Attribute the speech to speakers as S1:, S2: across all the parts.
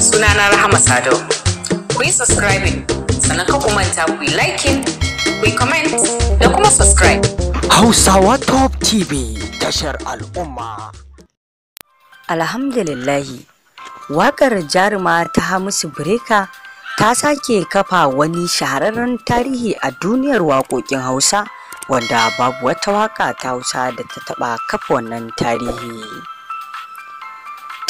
S1: sunana Rahama Sadau. Ku yi subscribing sannan ka kumanta ku yi liking, ku yi comment da kuma subscribe. Hausawa Top TV tashar al'umma. Alhamdulillahi, waƙar jaruma ta Hamisu Breka ta sake kafa wani shahararren tarihi a duniyar waƙoƙin Hausa wanda babu wata waƙa ta Hausa da ta taɓa kafa wannan tarihi.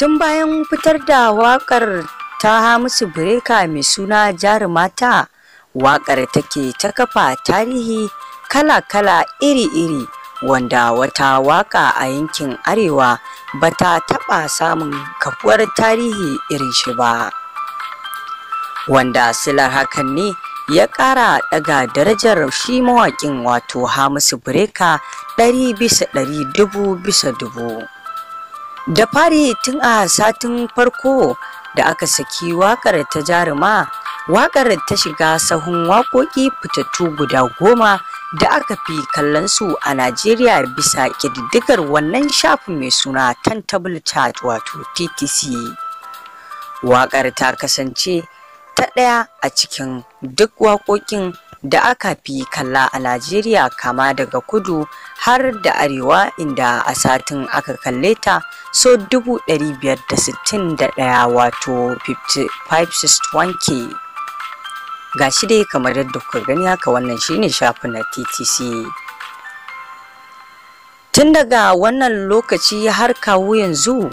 S1: tun bayan fitar da wakar ta hamisu breka mai suna jarumata wakar take ta kafa tarihi kala-kala iri-iri wanda wata waka a yankin arewa ba ta taɓa samun kafuwar tarihi irin shi ba wanda silar hakan ne ya ƙara ɗaga darajar shi mawaƙin wato hamisu breka ɗari bisa dubu bisa dubu Da fari tun a satin farko da aka saki wakar ta jaruma, wakar ta shiga sahun wakoki fitattu guda goma da aka fi kallon su a Najeriya bisa ƙididdigar wannan shafin mai suna Tantable chat wato TTC. Wakar ta kasance ta ɗaya a cikin duk wakokin. da aka fi kalla a Najeriya kama daga kudu har da arewa inda a satin aka kalle ta so 561 wato 561k ga shi dai kamar yadda kuka gani haka wannan shine shafin na ttc tun daga wannan lokaci har kawo yanzu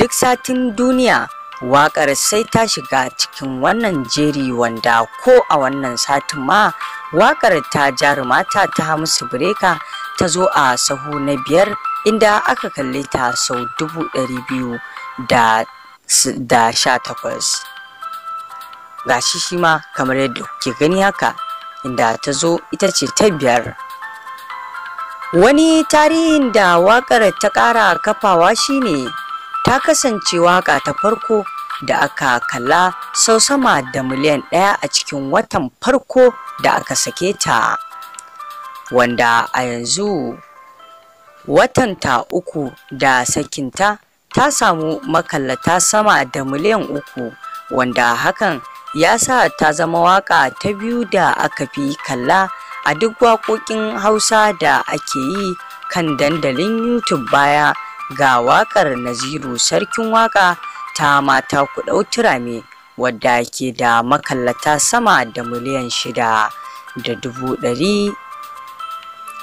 S1: duk satin duniya Wakar sai ta shiga cikin wannan jeri wanda ko a wannan satin ma Wakar ta jarumata ta musu bireka ta zo a sahu na biyar inda aka kalli ta sau dubu ɗari biyu da sha takwas Ga shi shi ma kamar yadda ke gani haka inda ta zo ita ce ta biyar wani tarihin da wakar ta ƙara kafawa shine ta kasance waka ta farko da aka kalla sau sama da miliyan ɗaya a cikin watan farko da aka sake ta wanda a yanzu Watan ta uku da sakinta ta samu makallata sama da miliyan uku wanda hakan ya sa ta zama waka ta biyu da aka fi kalla a duk waƙoƙin hausa da ake yi kan dandalin youtube baya ga waƙar Naziru Sarkin Waƙa ta mata ku ɗau turame wadda ke da makallata sama da miliyan shida da dubu ɗari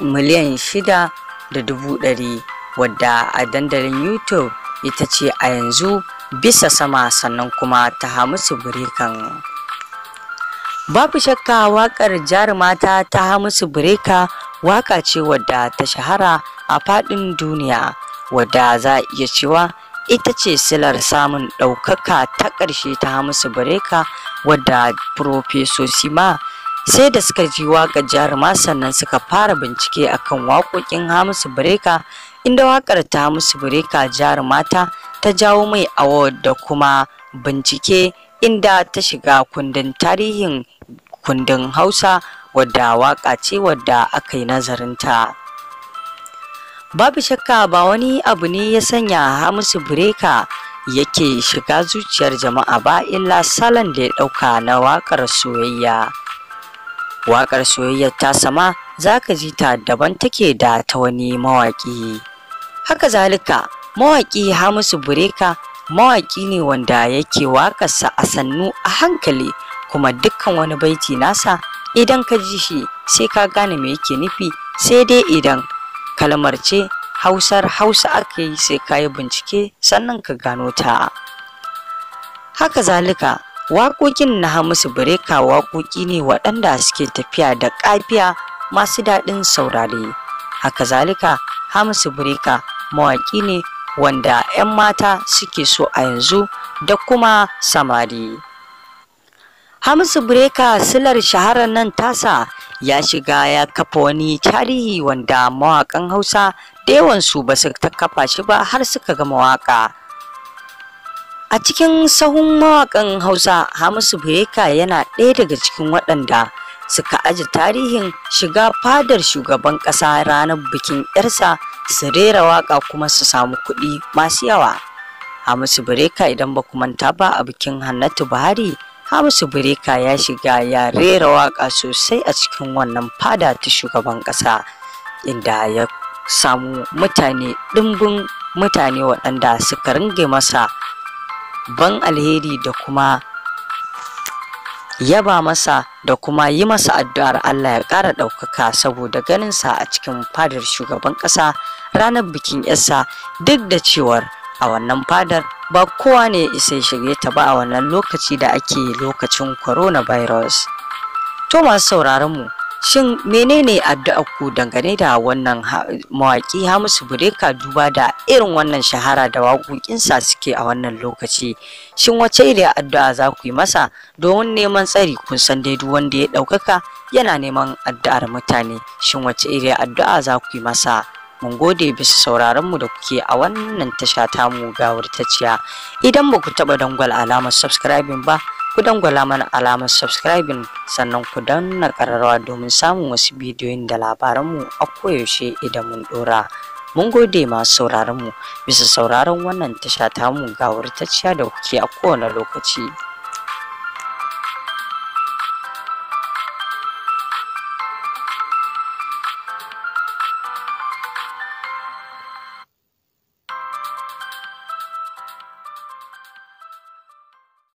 S1: miliyan shida da dubu ɗari wadda a dandalin YouTube ita ce a yanzu bisa sama sannan kuma ta Hamisu birekan. Babu shakka waƙar jarumata ta Hamisu bireka waƙa ce wadda ta shahara a faɗin duniya. wadda za a iya cewa ita ce silar samun ɗaukaka ta ƙarshe ta hamisu Bureka wadda Profeso Sima sai da suka ji waƙar jaruma sannan suka fara bincike akan waƙoƙin hamisu Bureka inda waƙar ta hamisu Bureka jarumata ta jawo mai award da kuma bincike inda ta shiga kundin tarihin kundin Hausa wadda waƙa ce wadda aka yi nazarinta. babu shakka ba wani abu ne ya sanya hamisu bureka yake shiga zuciyar jama'a ba illa salon da ya ɗauka na waƙar soyayya waƙar soyayya ta sama zaka ji ta daban take da ta wani mawaƙi haka zalika mawaƙi hamisu bureka mawaƙi ne wanda yake waƙarsa a sannu a hankali kuma dukkan wani baiti nasa idan ka ji shi sai ka gane me yake nufi sai dai idan kalmar ce hausar hausa aka yi sai ka yi bincike sannan ka gano ta haka zalika waƙoƙin na hamisu bireka waƙoƙi ne waɗanda suke tafiya da ƙafiya masu daɗin saurare haka zalika hamisu bireka mawaƙi ne wanda 'yan mata suke so a yanzu da kuma samari. Hamisu Breka silar shaharar nan tasa ya shiga ya kafa wani tarihi wanda mawakan hausa da yawansu ba su ta kafa shi ba har suka gama waka a cikin sahun mawakan hausa hamisu bireka yana ɗaya daga cikin waɗanda suka aji tarihin shiga fadar shugaban ƙasa ranar bikin 'yarsa su rera waƙa kuma su samu kuɗi masu yawa hamisu bireka idan ba ku manta ba a bikin hannatu buhari Hamisu Bireka ya shiga ya rera waƙa sosai a cikin wannan fada ta shugaban ƙasa inda ya samu mutane ɗimbin mutane waɗanda suka ringe masa ban alheri da kuma yaba masa da kuma yi masa addu'ar Allah ya ƙara ɗaukaka saboda ganinsa a cikin fadar shugaban ƙasa ranar bikin 'yarsa duk da cewar a wannan fadar ba kowa ne isa shirye ta ba a wannan lokaci da ake lokacin coronavirus to masu sauraron mu shin menene addu'ar ku dangane da wannan mawaƙi hamisu bureka duba da irin wannan shahara da waƙoƙinsa suke a wannan lokaci shin wace ne addu'a za ku yi masa domin neman tsari kun san dai duk wanda ya ɗaukaka yana neman addu'ar mutane shin wace ne addu'a za ku yi masa Mun gode bisa sauraron mu da kuke a wannan tasha tamu ga wurtaciya Idan ba ku taɓa dangwal alamar subscribing ba, ku dangwala mana alamar subscribing sannan ku danna ƙararrawa domin samun wasu bidiyoyin da labaran mu a koyaushe idan mun ɗora. Mun gode masu sauraron mu bisa sauraron wannan tasha tamu ga wurtaciya da kuke a kowane lokaci.